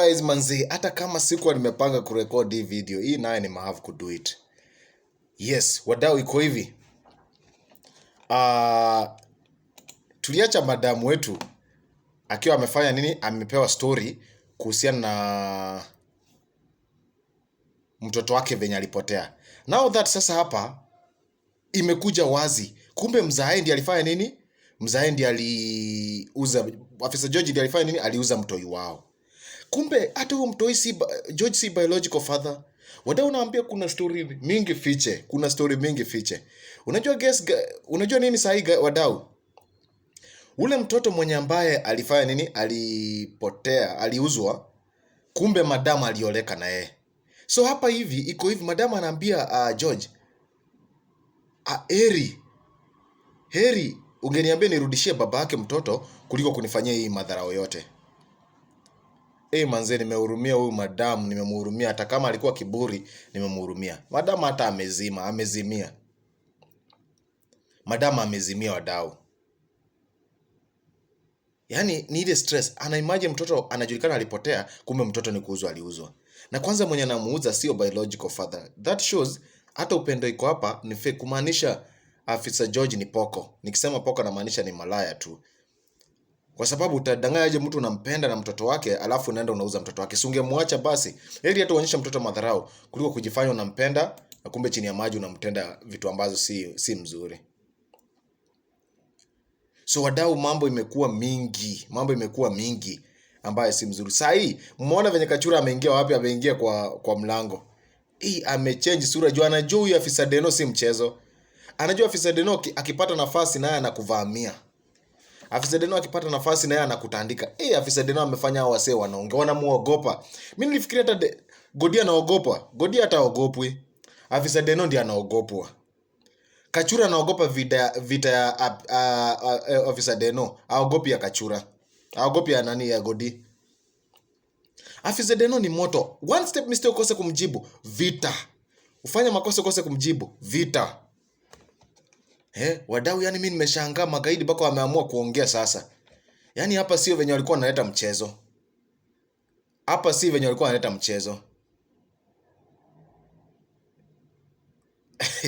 guys manzi, hata kama sikuwa nimepanga kurekodi hii video hii, naye ni have to do it. Yes, wadau, iko hivi uh, tuliacha madamu wetu akiwa amefanya nini, amepewa story kuhusiana na mtoto wake venye alipotea. Now that sasa hapa imekuja wazi, kumbe mzae ndiye alifanya nini, mzae ndiye aliuza, afisa George ndiye alifanya nini, aliuza mtoi wao kumbe hata huyo mtoi si George si biological father. wada unaambia kuna story mingi fiche, kuna story mingi fiche. Unajua guess, unajua nini sahi wadau? Ule mtoto mwenye ambaye alifanya nini? Alipotea, aliuzwa. Kumbe madamu alioleka na yeye. So hapa hivi iko hivi, madamu anaambia uh, George uh, eri heri ungeniambia nirudishie baba yake mtoto kuliko kunifanyia hii madharao yote hey, manzee, nimehurumia huyu madamu, nimemhurumia hata kama alikuwa kiburi, nimemhurumia madamu, hata amezima, amezimia madamu, amezimia wadau. Yaani ni ile stress. Ana imagine mtoto anajulikana alipotea, kumbe mtoto ni kuuzwa aliuzwa. Na kwanza mwenye anamuuza sio biological father. That shows hata upendo iko hapa ni fake kumaanisha afisa George ni poko. Nikisema poko namaanisha ni malaya tu. Kwa sababu utadanganyaje mtu unampenda na mtoto wake, alafu unaenda unauza mtoto wake. Si ungemwacha basi. Heri hata uonyeshe mtoto madharau kuliko kujifanya unampenda na kumbe chini ya maji unamtenda vitu ambazo si si mzuri. So wadau, mambo imekuwa mingi, mambo imekuwa mingi ambayo si mzuri. Sasa hii mmeona venye Kachura ameingia wapi? Ameingia kwa kwa mlango. Hii amechange sura juu anajua huyu afisa Deno si mchezo. Anajua afisa Deno akipata nafasi naye anakuvamia. Afisa Deno akipata nafasi naye anakutandika. Eh, hey, Afisa Deno amefanya hao wasee wanaongea wanamuogopa. Mimi nilifikiria hata Godi anaogopa. Godi hataogopwi. Afisa Deno ndiye anaogopwa. Kachura anaogopa vita vita ya Afisa Deno. Aogopi ya Kachura. Aogopi ya nani ya Godi. Afisa Deno ni moto. One step mistake ukose kumjibu vita. Ufanya makosa ukose kumjibu vita. Eh, wadau yani mimi nimeshangaa magaidi bako wameamua kuongea sasa. Yaani hapa sio venye walikuwa wanaleta mchezo. Hapa si venye walikuwa wanaleta mchezo.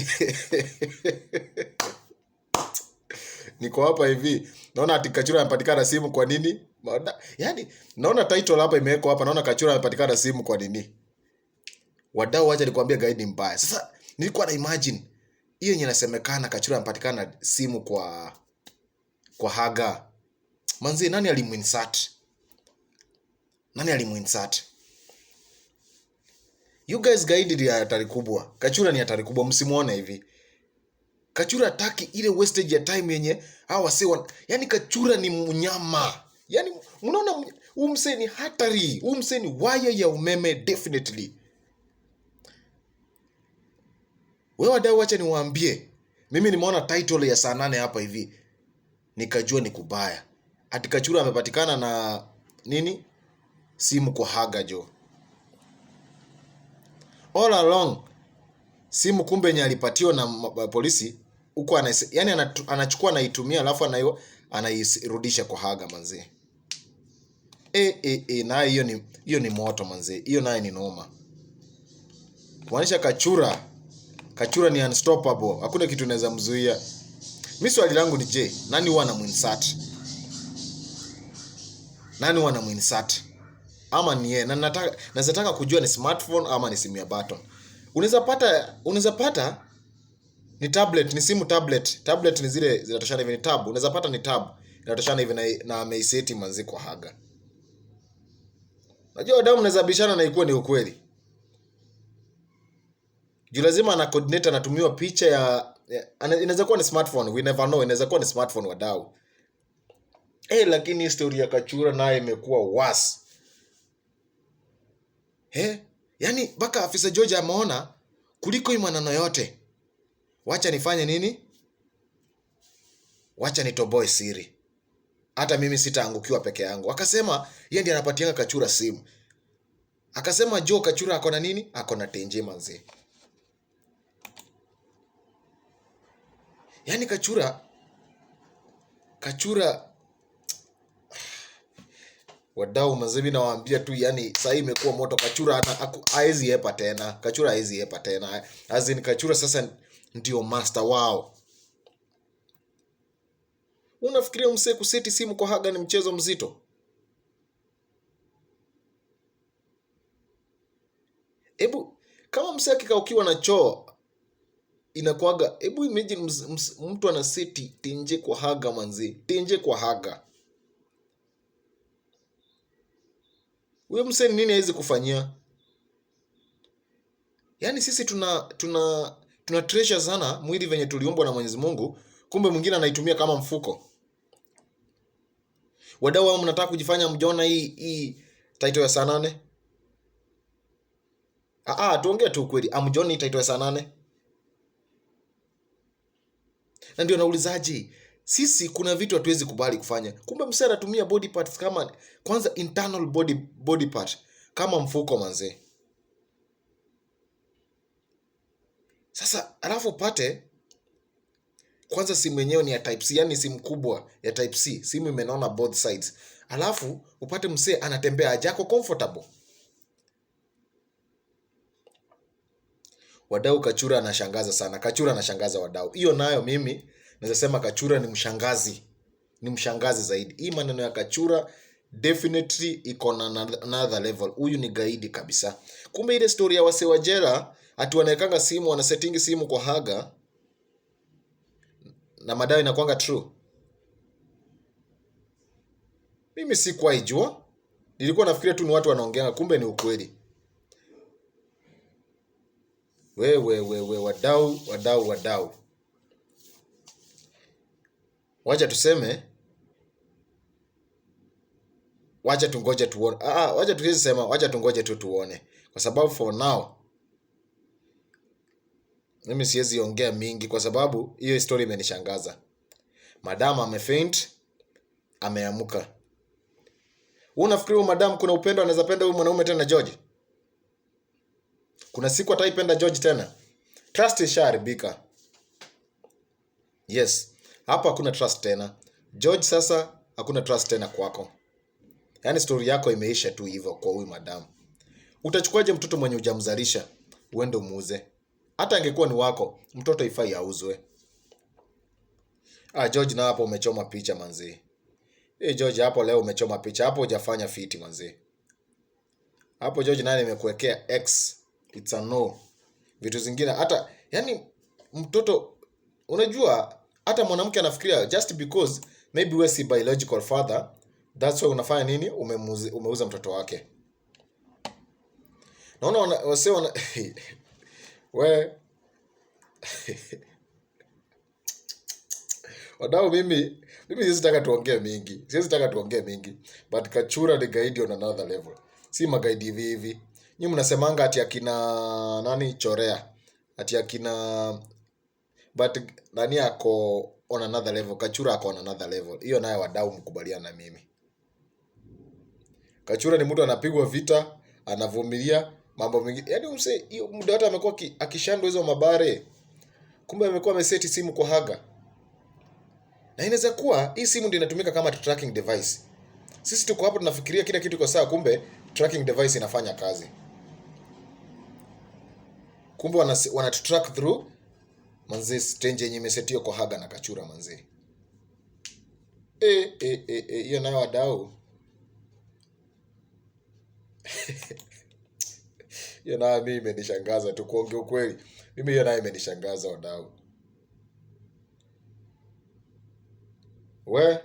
Niko hapa hivi. Naona ati Kachura anapatikana simu kwa nini? yani naona title hapa imewekwa hapa, naona Kachura anapatikana simu kwa nini? Wadau acha nikwambie gaidi mbaya. Sasa nilikuwa na imagine hiyo yenye inasemekana Kachura anapatikana simu kwa kwa Haga. Manzi nani alimuinsert? Nani alimuinsert? You guys guide ni hatari kubwa. Kachura ni hatari kubwa, msimuone hivi. Kachura hataki ile wastage ya time yenye hawa si wan... yani Kachura ni mnyama. Yaani mnaona umse ni hatari, umse ni waya ya umeme definitely. Wewe wadau, acha niwaambie, mimi nimeona title ya saa nane hapa hivi nikajua ni kubaya. Ati Kachura amepatikana na nini? Simu kwa Haga jo. All along simu kumbe nye alipatiwa na polisi huko, yani anachukua anaitumia, alafu anayo anairudisha kwa Haga manzee. E, e, e, na hiyo ni hiyo ni moto manzee, hiyo naye ni noma, kumaanisha Kachura Kachura ni unstoppable, hakuna kitu naweza mzuia. Mimi swali langu ni je, nani huwa anamuinsert? Nani huwa anamuinsert? Ama ni yeye? Na nataka naweza taka kujua ni smartphone ama ni simu ya button. Unaweza pata unaweza pata ni tablet, ni simu tablet. Tablet ni zile zinatoshana hivi ni tab. Unaweza pata ni tab. Inatoshana hivi na, na ameiseti manzi kwa haga. Najua damu naweza bishana na ikuwe ni ukweli juu lazima ana coordinator anatumiwa picha ya, ya inaweza kuwa ni smartphone, we never know, inaweza kuwa ni smartphone wadau. Eh, lakini historia ya Kachura nayo imekuwa worse. Eh, yani mpaka afisa George ameona kuliko hii maneno yote. Wacha nifanye nini? Wacha nitoboe siri. Hata mimi sitaangukiwa peke yangu. Akasema yeye ndiye anapatianga Kachura simu. Akasema Joe Kachura ako na nini? Ako na tenje manzee. yani Kachura Kachura wadau mazee, nawaambia tu, yani saa hii imekuwa moto. Kachura hata haezi tena, Kachura haezi epa tena, azin Kachura sasa ndio master wao. Unafikiria msee kuseti simu kwa Haga ni mchezo mzito? Hebu kama msee akikaukiwa na choo inakwaga hebu imagine ms, ms, mtu ana seti tenje kwa haga manzi tenje kwa haga huyo msee nini hawezi kufanyia yaani sisi tuna tuna tuna treasure sana mwili venye tuliumbwa na Mwenyezi Mungu kumbe mwingine anaitumia kama mfuko wadau wao mnataka kujifanya mjaona hii hii title ya saa nane ah, ah, tuongee tu ukweli amjoni hii title ya saa nane na ndio naulizaji sisi kuna vitu hatuwezi kubali kufanya. Kumbe msee anatumia body parts kama kwanza internal body, body part kama mfuko manzee. Sasa alafu pate kwanza simu yenyewe ni ya type C, yani simu kubwa ya type C, simu imenaona both sides, alafu upate msee anatembea ajako comfortable Wadau Kachura anashangaza sana. Kachura anashangaza wadau. Hiyo nayo mimi naweza sema Kachura ni mshangazi. Ni mshangazi zaidi. Hii maneno ya Kachura definitely iko na another level. Huyu ni gaidi kabisa. Kumbe ile story ya wase wa jela ati wanaekanga simu wana setting simu kwa Haga na madai inakwanga true. Mimi sikuwaijua. Nilikuwa nafikiria tu ni watu wanaongeanga, kumbe ni ukweli wewe wewe, wadau wadau wadau, wacha tuseme, wacha tungoje tuone. Ah, ah wacha tuweze sema, wacha tungoje tu tuone, kwa sababu for now mimi siwezi ongea mingi, kwa sababu hiyo story imenishangaza. Madam amefaint, ameamka. Unafikiri madamu madam kuna upendo anaweza penda huyu mwanaume tena George? Kuna siku ataipenda George tena. Trust ishaharibika. Yes. Hapa hakuna trust tena. George sasa hakuna trust tena kwako. Yaani story yako imeisha tu hivyo kwa huyu madam. Utachukuaje mtoto mwenye ujamzalisha uende umuuze? Hata angekuwa ni wako, mtoto ifai auzwe. Ah, George na hapo umechoma picha manzi. Eh, George hapo leo umechoma picha. Hapo hujafanya fiti manzi. Hapo George naye nimekuwekea X it's a no. Vitu zingine hata yani, mtoto unajua, hata mwanamke anafikiria just because maybe we si biological father, that's why unafanya nini, umemuzi, umeuza mtoto wake. Naona wase wana we wadau, mimi mimi siwezi taka tuongee mingi, siwezi taka tuongee mingi, but Kachura ni gaidi on another level, si magaidi hivi hivi. Nyinyi mnasemanga ati akina nani chorea. Ati akina but nani ako on another level. Kachura ako on another level. Hiyo naye wadau mkubaliana na mimi. Kachura ni mtu anapigwa vita, anavumilia mambo mengi. Yaani umse hiyo muda wote amekuwa akishando hizo mabare. Kumbe amekuwa ameseti simu kwa haga. Na inaweza kuwa hii simu ndio inatumika kama tracking device. Sisi tuko hapo tunafikiria kila kitu kwa saa, kumbe tracking device inafanya kazi kumbe wanatutrack through manze strange yenye imesetio kwa Haga na Kachura manze. Eh eh eh, eh hiyo e, nayo wadau. hiyo nayo mimi imenishangaza tu ukweli. Mimi hiyo nayo imenishangaza wadau. We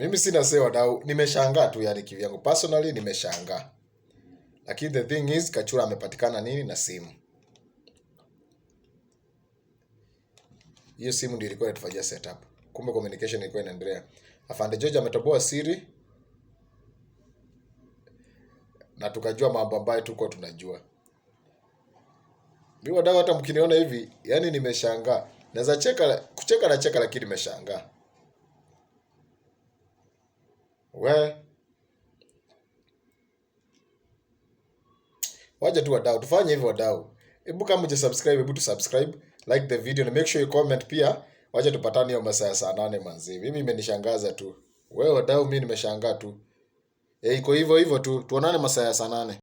Mimi sina say na nimeshangaa tu yani kivyangu. Personally nimeshangaa. Lakini the thing is Kachura amepatikana nini na simu. Hiyo simu ndio ilikuwa inatufanyia setup. Kumbe communication ilikuwa inaendelea. Afande George ametoboa siri na tukajua mambo ambayo tuko tunajua. Mimi wadau, hata mkiniona hivi, yani nimeshangaa. Naweza cheka kucheka na cheka, lakini nimeshangaa we wacha tu wadau tufanye hivyo wadau hebu kama uja subscribe hebu tu subscribe like the video na make sure you comment pia wacha tupatane hiyo masaa ya saa nane manzi mimi imenishangaza tu wewe wadau mimi nimeshangaa tu e, iko hivyo hivyo tu tuonane masaa saa nane